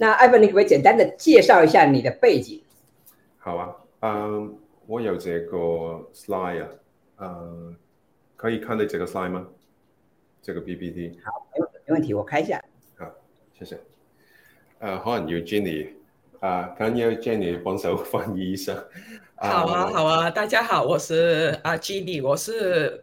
那 Ivan，你可唔可以簡單的介紹一下你的背景？好啊，嗯、呃，我有這個 slide 啊，嗯、呃，可以看到這個 slide 嗎？這個 PPT。好，沒問題，我開一下。好，謝謝。呃，可能有 Jenny 啊，Can you Jenny 幫手翻譯一下？呃、好啊，好啊，大家好，我是啊 Jenny，我是。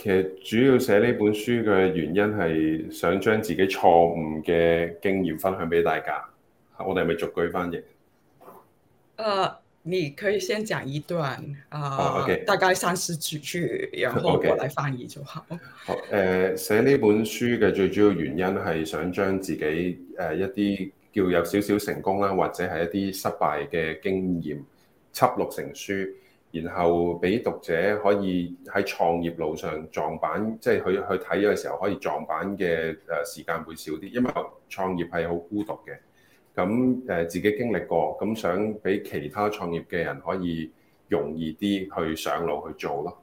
其實主要寫呢本書嘅原因係想將自己錯誤嘅經驗分享俾大家。我哋係咪逐句翻譯？誒、呃，你可以先講一段、呃、啊，okay. 大家三四句，然後過嚟翻譯就好。Okay. 好誒、呃，寫呢本書嘅最主要原因係想將自己誒、呃、一啲叫有少少成功啦，或者係一啲失敗嘅經驗輯錄成書。然後俾讀者可以喺創業路上撞板，即係去去睇嘅時候可以撞板嘅誒時間會少啲，因為創業係好孤獨嘅。咁誒自己經歷過，咁想俾其他創業嘅人可以容易啲去上路去做咯。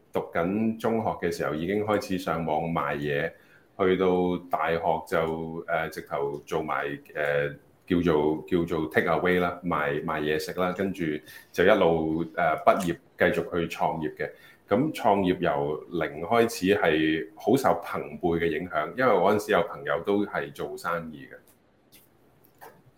讀緊中學嘅時候已經開始上網賣嘢，去到大學就、呃、直頭做埋誒、呃、叫做叫做 take away 啦，賣賣嘢食啦，跟住就一路誒、呃、畢業繼續去創業嘅。咁創業由零開始係好受朋輩嘅影響，因為我嗰陣時有朋友都係做生意嘅。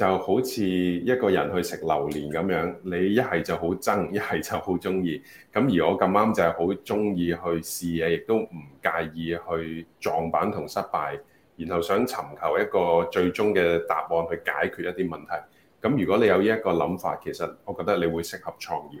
就好似一個人去食榴蓮咁樣，你一係就好憎，一係就好中意。咁而我咁啱就係好中意去試嘢，亦都唔介意去撞板同失敗，然後想尋求一個最終嘅答案去解決一啲問題。咁如果你有呢一個諗法，其實我覺得你會適合創業。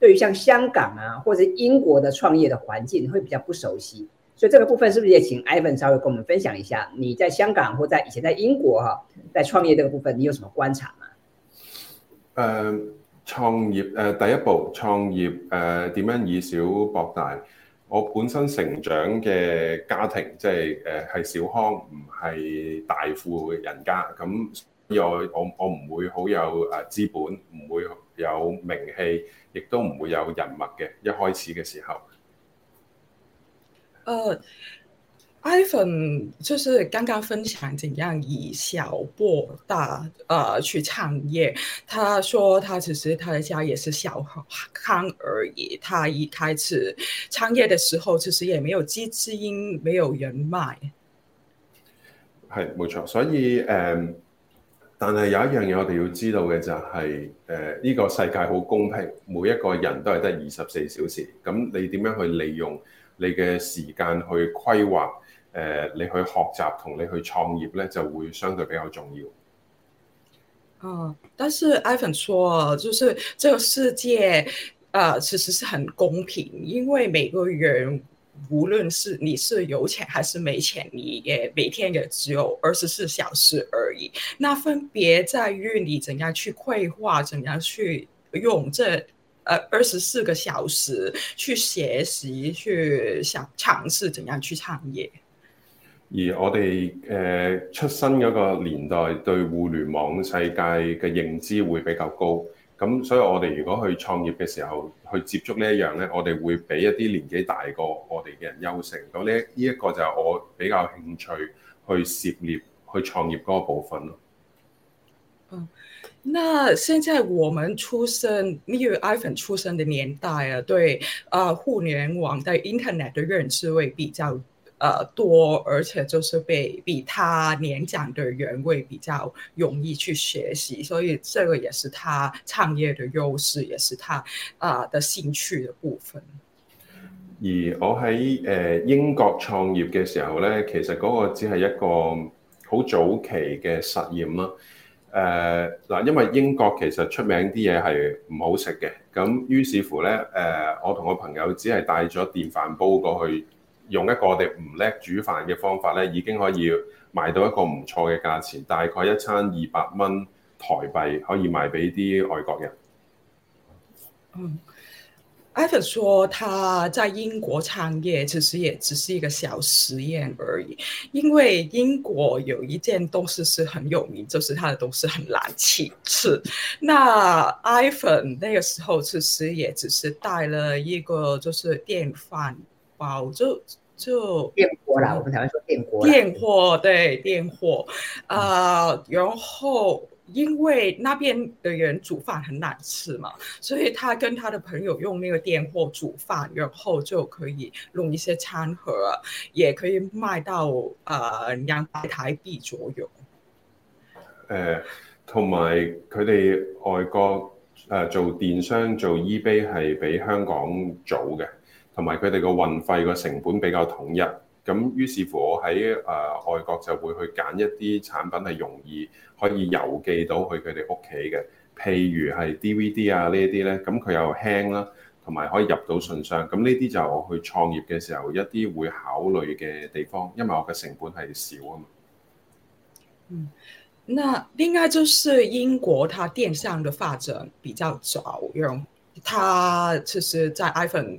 對於像香港啊，或者英國的創業的環境，會比較不熟悉，所以這個部分是不是也請 Ivan 稍微跟我們分享一下？你在香港或者在以前在英國哈、啊，在創業這個部分，你有什麼觀察啊？誒、呃，創業誒、呃，第一步創業誒，點、呃、樣以小搏大？我本身成長嘅家庭即係誒係小康，唔係大富人家咁，我我我唔會好有誒資本，唔會有名氣。亦都唔會有人脈嘅，一開始嘅時候。誒、uh，Ivan，就是剛剛分享，怎樣以小搏大，誒、uh, 去創業。他說，他其實他的家也是小康而已。他一開始創業的時候，其實也沒有資金，沒有人脈。係冇錯，所以誒。Uh, 但係有一樣嘢我哋要知道嘅就係，誒呢個世界好公平，每一個人都係得二十四小時。咁你點樣去利用你嘅時間去規劃，誒你去學習同你去創業呢，就會相對比較重要。但是 Ivan 說，就是這個世界，啊，其實是很公平，因為每個人。無論是你是有錢還是沒錢，你也每天也只有二十四小時而已。那分別在於你怎樣去規劃，怎樣去用這，呃，二十四個小時去學習，去想嘗試，怎樣去創業。而我哋誒、呃、出生嗰個年代，對互聯網世界嘅認知會比較高。咁所以我哋如果去創業嘅時候，去接觸呢一樣咧，我哋會俾一啲年紀大過我哋嘅人優勝。咁呢依一個就係我比較興趣去涉獵、去創業嗰個部分咯。嗯，那現在我們出生，呢個 iPhone 出生的年代啊，對啊，互聯網對 Internet 的認知會比較。呃，多而且就是被比他年長的原味比較容易去學習，所以這個也是他創業的優勢，也是他啊的興趣的部分。而我喺誒英國創業嘅時候咧，其實嗰個只係一個好早期嘅實驗啦。誒、呃、嗱，因為英國其實出名啲嘢係唔好食嘅，咁於是乎咧，誒、呃、我同我朋友只係帶咗電飯煲過去。用一個我哋唔叻煮飯嘅方法咧，已經可以賣到一個唔錯嘅價錢，大概一餐二百蚊台幣可以賣俾啲外國人。i 嗯，Ivan 說他在英國創業，其實也只是一個小實驗而已。因為英國有一件東西是很有名，就是他的東西很難吃。那 i Ivan 那個時候其實也只是帶了一個，就是電飯煲就。就電鍋啦，我們台灣說電鍋。電鍋對電鍋，啊、呃，然後因為那邊的人煮飯很難吃嘛，所以他跟他的朋友用那個電鍋煮飯，然後就可以弄一些餐盒，也可以賣到呃兩百台幣左右。誒、呃，同埋佢哋外國誒、呃、做電商做 eBay 係比香港早嘅。同埋佢哋個運費個成本比較統一，咁於是乎我喺誒外國就會去揀一啲產品係容易可以郵寄到去佢哋屋企嘅，譬如係 DVD 啊呢啲咧，咁佢又輕啦、啊，同埋可以入到信箱。咁呢啲就我去創業嘅時候一啲會考慮嘅地方，因為我嘅成本係少啊嘛。嗯，嗱，點解就是英國，佢電商嘅發展比較早，因為佢其實在 iPhone。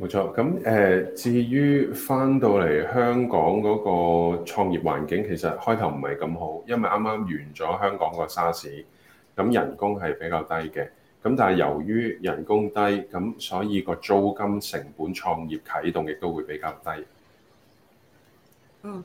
冇錯，咁誒至於返到嚟香港嗰個創業環境，其實開頭唔係咁好，因為啱啱完咗香港個沙士，咁人工係比較低嘅，咁但係由於人工低，咁所以個租金成本創業啟動亦都會比較低。嗯。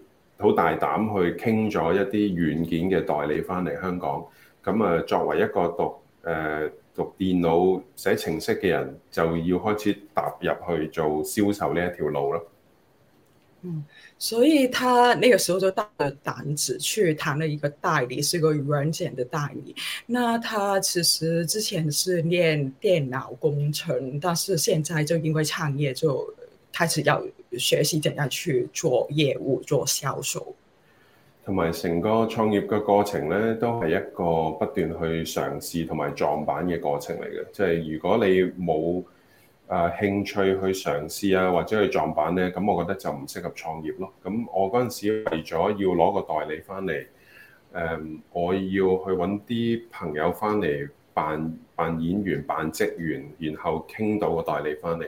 好大膽去傾咗一啲軟件嘅代理翻嚟香港，咁啊作為一個讀誒、呃、讀電腦寫程式嘅人，就要開始踏入去做銷售呢一條路咯。嗯，所以他呢個時候就大著膽子去談了一個代理，是一個軟件的代理。那他其實之前是練電腦工程，但是現在就因為創業就。開始要學習點樣去做業務、做銷售，同埋成個創業嘅過程咧，都係一個不斷去嘗試同埋撞板嘅過程嚟嘅。即係如果你冇誒興趣去嘗試啊，或者去撞板咧，咁我覺得就唔適合創業咯。咁我嗰陣時為咗要攞個代理翻嚟，誒，我要去搵啲朋友翻嚟扮扮演員、扮職員，然後傾到個代理翻嚟。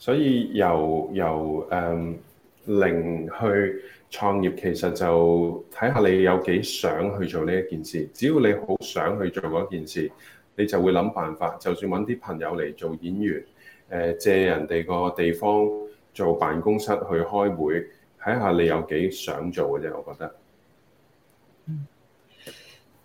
所以由由、呃、零去創業，其實就睇下你有幾想去做呢一件事。只要你好想去做嗰件事，你就會諗辦法。就算揾啲朋友嚟做演員，借人哋個地方做辦公室去開會，睇下你有幾想做嘅啫。我覺得。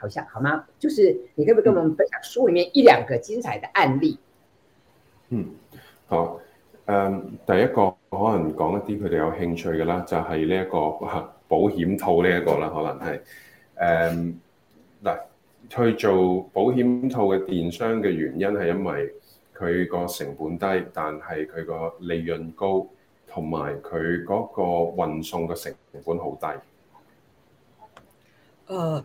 好像好嗎？就是你可唔可以跟我們分享書裏面一兩個精彩的案例？嗯，好。誒、嗯，第一個可能講一啲佢哋有興趣嘅啦，就係呢一個、啊、保險套呢一個啦，可能係誒嗱，去、嗯、做保險套嘅電商嘅原因係因為佢個成本低，但係佢個利潤高，同埋佢嗰個運送嘅成本好低。誒。呃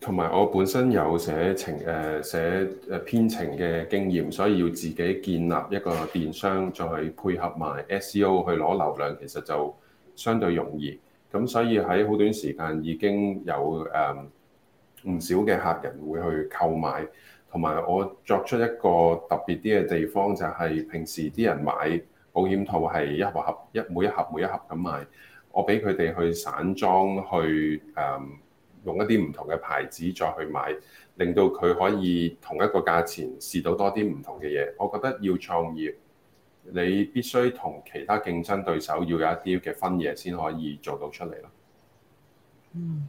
同埋我本身有寫程、呃、寫編程嘅經驗，所以要自己建立一個電商，再配合埋 SEO 去攞流量，其實就相對容易。咁所以喺好短時間已經有嗯、唔少嘅客人會去購買。同埋我作出一個特別啲嘅地方，就係、是、平時啲人買保險套係一盒一盒、一每一盒每一盒咁買，我俾佢哋去散裝去、嗯用一啲唔同嘅牌子再去買，令到佢可以同一個價錢試到多啲唔同嘅嘢。我覺得要創業，你必須同其他競爭對手要有一啲嘅分野，先可以做到出嚟咯。嗯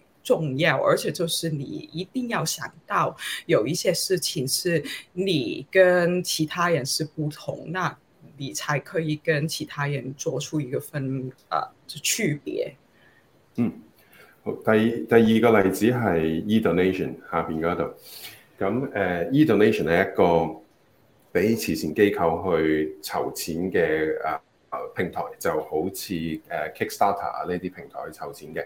重要，而且就是你一定要想到，有一些事情是你跟其他人是不同，那你才可以跟其他人做出一個分啊就區別。嗯，好，第第二個例子係 eDonation 下邊嗰度，咁誒、uh, eDonation 係一個俾慈善機構去籌錢嘅啊、uh, 平台，就好似誒 Kickstarter 啊呢啲平台去籌錢嘅。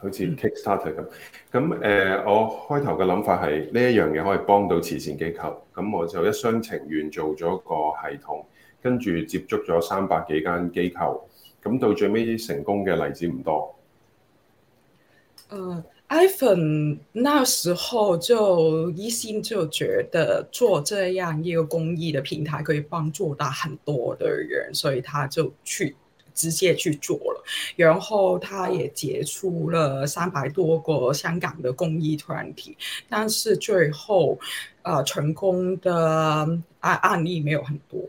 嗯、好似 Kickstarter 咁，咁、呃、誒，我開頭嘅諗法係呢一樣嘢可以幫到慈善機構，咁我就一廂情願做咗個系統，跟住接觸咗三百幾間機構，咁到最尾成功嘅例子唔多。Uh, Ivan，那時候就一心就覺得做這樣一個公益嘅平台，可以幫助到很多的人，所以他就去。直接去做了，然後他也接觸了三百多個香港的公益團體，但是最後，啊、呃、成功的案案例沒有很多。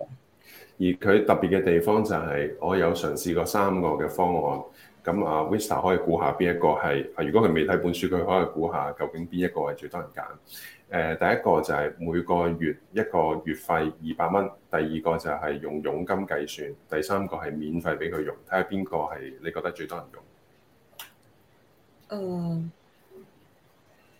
而佢特別嘅地方就係、是，我有嘗試，試過三個嘅方案。咁啊，Vista 可以估下邊一個係，如果佢未睇本書，佢可以估下究竟邊一個係最多人揀？誒，第一個就係每個月一個月費二百蚊，第二個就係用佣金計算，第三個係免費俾佢用，睇下邊個係你覺得最多人用。嗯。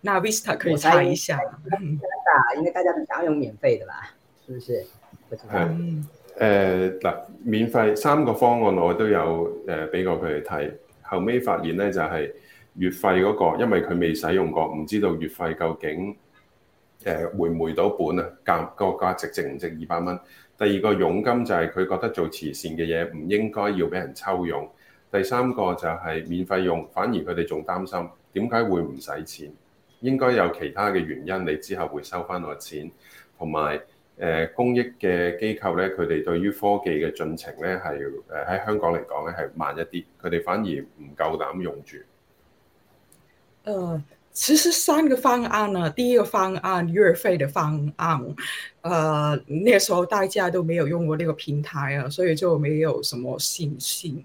那 Vista 可以猜一下 v i s t、嗯、因為大家都想用免費的啦，是不是？係誒嗱，免費三個方案我都有誒俾、呃、過佢哋睇，後尾發現咧就係、是、月費嗰、那個，因為佢未使用過，唔知道月費究竟誒回唔回到本啊，價個價值值唔值二百蚊？第二個佣金就係佢覺得做慈善嘅嘢唔應該要俾人抽佣，第三個就係免費用，反而佢哋仲擔心點解會唔使錢？應該有其他嘅原因，你之後會收翻我錢，同埋誒公益嘅機構咧，佢哋對於科技嘅進程咧係誒喺香港嚟講咧係慢一啲，佢哋反而唔夠膽用住。誒、呃，其實三個方案啊，第一個方案月費嘅方案，呢、呃、那時候大家都沒有用過呢個平台啊，所以就沒有什麼信心。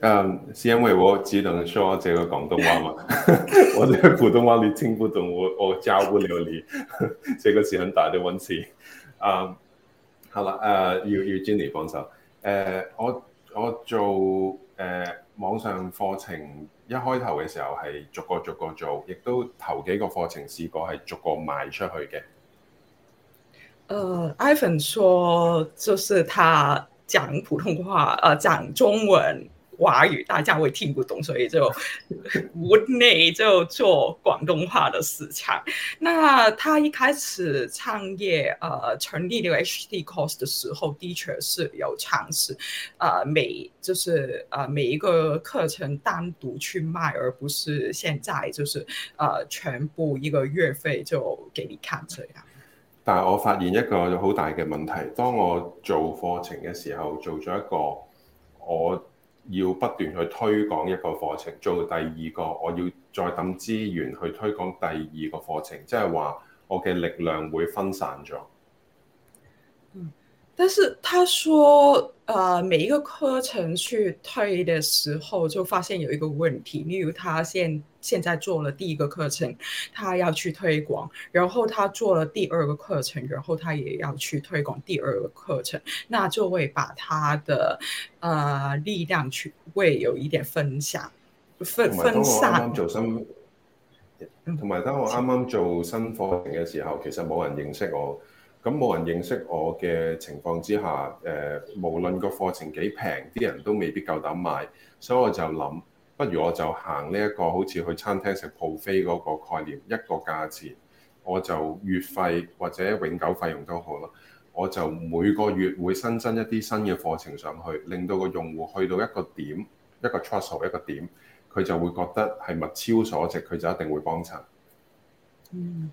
嗯，是因為我只能說這個廣東話嘛， 我這個普通話你聽不懂，我我教不了你， 這個是很大的問題。啊、um,，好、uh, 啦、e，誒，要要 Jenny 幫手。誒，我我做誒、uh, 網上課程，一開頭嘅時候係逐個逐個做，亦都頭幾個課程試過係逐個賣出去嘅。誒，Ivan 說，就是他講普通話，誒、uh, 講中文。華語大家會聽不懂，所以就無奈就做廣東話的市場。那他一開始創業，呃，成立呢 HDcourse 的時候，的確是有嘗試，呃，每就是呃每一個課程單獨去賣，而不是現在就是呃全部一個月費就給你看這樣。但我發現一個有好大嘅問題，當我做課程嘅時候，做咗一個我。要不斷去推廣一個課程，做第二個，我要再等資源去推廣第二個課程，即係話我嘅力量會分散咗。但是他話每一個課程去推嘅時候，就發現有一個問題，例如他先。現在做了第一個課程，他要去推廣，然後他做了第二個課程，然後他也要去推廣第二個課程，那就會把他的，呃，力量去會有一點分享，分，分散。同埋當我啱啱做新課程嘅時候，其實冇人認識我，咁冇人認識我嘅情況之下，誒、呃、無論個課程幾平，啲人都未必夠膽買，所以我就諗。不如我就行呢、這、一個好似去餐廳食 buffet 嗰個概念，一個價錢，我就月費或者永久費用都好咯。我就每個月會新增一啲新嘅課程上去，令到個用戶去到一個點，一個 trust level 一個點，佢就會覺得係物超所值，佢就一定會幫襯。嗯。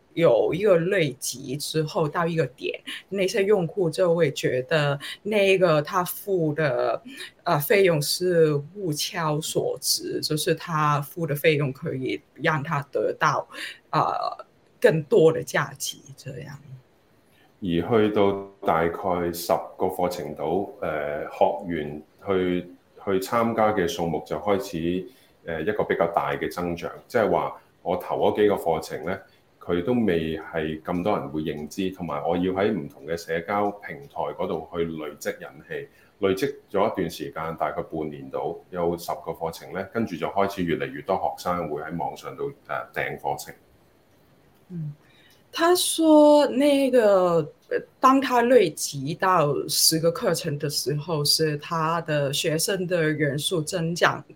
有一個累積之後到一個點，那些用戶就會覺得那個他付的啊呃、費用是物超所值，就是他付的費用可以讓他得到啊、呃、更多的價值咁樣。而去到大概十個課程度，誒、呃、學員去去參加嘅數目就開始誒一個比較大嘅增長，即係話我投嗰幾個課程咧。佢都未係咁多人會認知，同埋我要喺唔同嘅社交平台嗰度去累積人氣，累積咗一段時間，大概半年到有十個課程呢，跟住就開始越嚟越多學生會喺網上度誒訂課程。嗯，他說那個，當他累積到十個課程的時候，是他的學生的人數增加增長。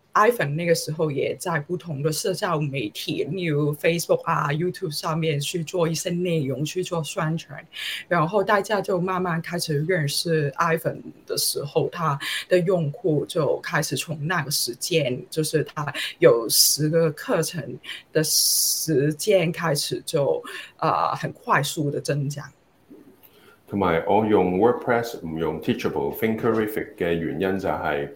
iPhone 那個時候也在不同的社交媒體，例如 Facebook 啊、YouTube 上面去做一些內容去做宣傳，然後大家就慢慢開始認識 iPhone 的時候，它的用戶就開始從那個時間，就是它有十個課程的時間開始就啊、呃、很快速的增長。同埋我用 WordPress 唔用 Teachable、Thinkific、er、嘅原因就係、是。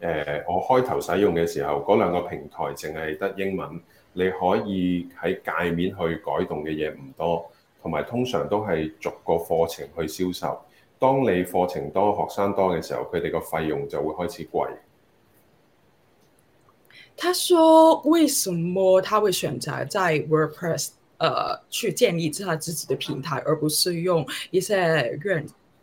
誒，我開頭使用嘅時候，嗰兩個平台淨係得英文，你可以喺界面去改動嘅嘢唔多，同埋通常都係逐個課程去銷售。當你課程多、學生多嘅時候，佢哋個費用就會開始貴。他說：為什麼他會選擇在 WordPress，呃，去建立自己自己的平台，而不是用一些軟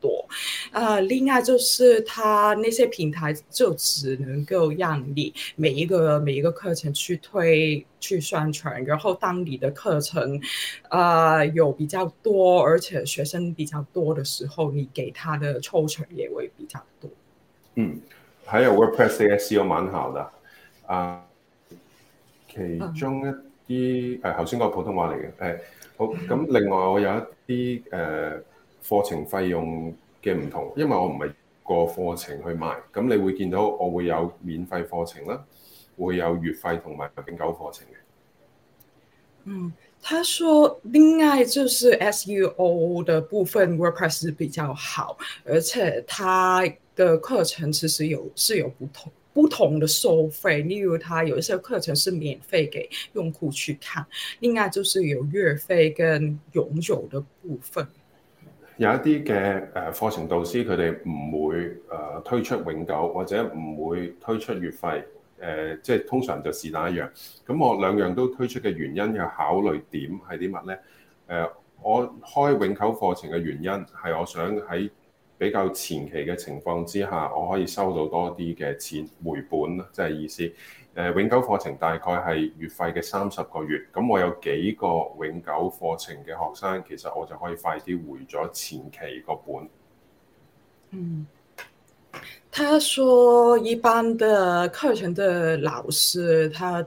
多，啊！Uh, 另外就是，他那些平台就只能夠讓你每一個每一個課程去推去宣傳，然後當你的課程，啊、uh,，有比較多而且學生比較多的時候，你給他的抽成也會比較多。嗯，喺 WordPress 呢個係蠻好的，啊、uh,，其中一啲誒，頭先嗰個普通話嚟嘅，誒、哎，好咁，另外我有一啲誒。Uh, 課程費用嘅唔同，因為我唔係個課程去賣，咁你會見到我會有免費課程啦，會有月費同埋永久課程嘅。嗯，他說另外就是 SEO 的部分 WordPress 比較好，而且他的課程其實有是有不同不同的收費，例如他有一些課程是免費給用戶去看，另外就是有月費跟永久的部分。有一啲嘅誒課程導師，佢哋唔會誒推出永久，或者唔會推出月費，誒即係通常就是單一樣。咁我兩樣都推出嘅原因嘅考慮點係啲乜咧？誒，我開永久課程嘅原因係我想喺比較前期嘅情況之下，我可以收到多啲嘅錢回本，即係、就是、意思。誒，永久課程大概係月費嘅三十個月，咁我有幾個永久課程嘅學生，其實我就可以快啲回咗前期個本。嗯，他說一般的課程的老師，他。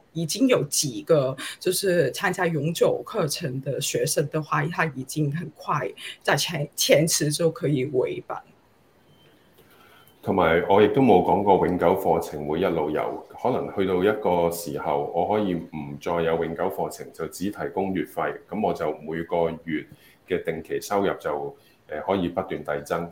已經有幾個就是參加永久課程的學生的話，他已經很快在前前次就可以回本。同埋我亦都冇講過永久課程會一路有，可能去到一個時候，我可以唔再有永久課程，就只提供月費，咁我就每個月嘅定期收入就誒可以不斷遞增。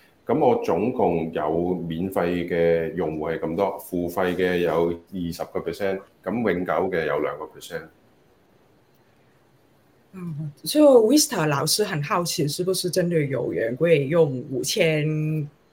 咁我總共有免費嘅用戶係咁多，付費嘅有二十個 percent，咁永久嘅有兩個 percent。嗯，所以 Vista 老師很好奇，是不是真的有人會用五千？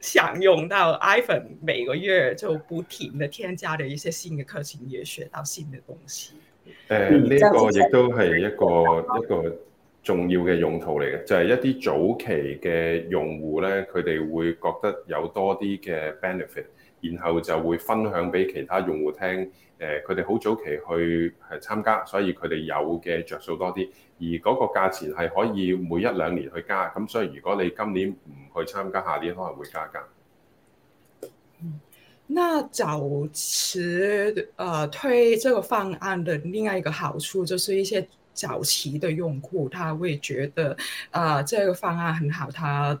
常用到 iPhone 每個月就不停的添加咗一些新的課程，也學到新的東西。誒呢、呃，這個亦都係一個、嗯、一個重要嘅用途嚟嘅，就係、是、一啲早期嘅用戶咧，佢哋會覺得有多啲嘅 benefit。然後就會分享俾其他用戶聽，誒佢哋好早期去係參加，所以佢哋有嘅着數多啲。而嗰個價錢係可以每一兩年去加，咁所以如果你今年唔去參加，下年可能會加價。那就此誒推這個方案的另外一個好處，就是一些早期的用戶，他會覺得，啊，這個方案很好，他。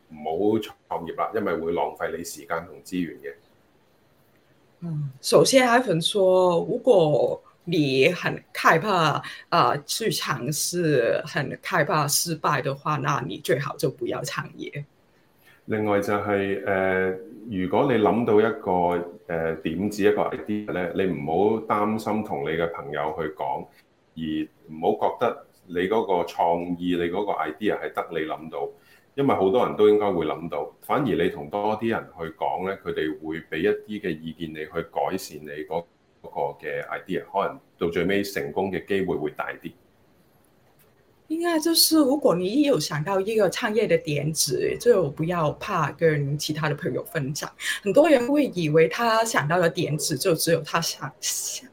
唔好創業啦，因為會浪費你時間同資源嘅、就是。首先 Ivan 說，如果你很害怕啊、呃、去嘗試，很害怕失敗的話，那你最好就不要創業。另外就係、是、誒、呃，如果你諗到一個誒、呃、點子一個 idea 咧，你唔好擔心同你嘅朋友去講，而唔好覺得你嗰個創意、你嗰個 idea 係得你諗到。因為好多人都應該會諗到，反而你同多啲人去講呢，佢哋會俾一啲嘅意見你去改善你嗰個嘅 idea，可能到最尾成功嘅機會會大啲。應該就是，如果你有想到一個創業嘅點子，就不要怕跟其他的朋友分享。很多人會以為他想到嘅點子就只有他想。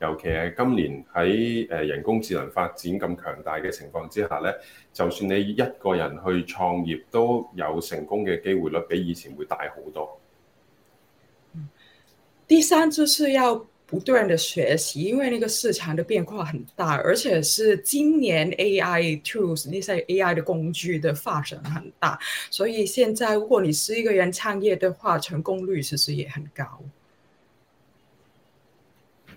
尤其係今年喺誒人工智能發展咁強大嘅情況之下咧，就算你一個人去創業都有成功嘅機會率，比以前會大好多。嗯，第三就是要不斷地學習，因為呢個市場的變化很大，而且是今年 AI tools，那些 AI 的工具的發展很大，所以現在如果你是一個人創業的話，成功率其實也很高。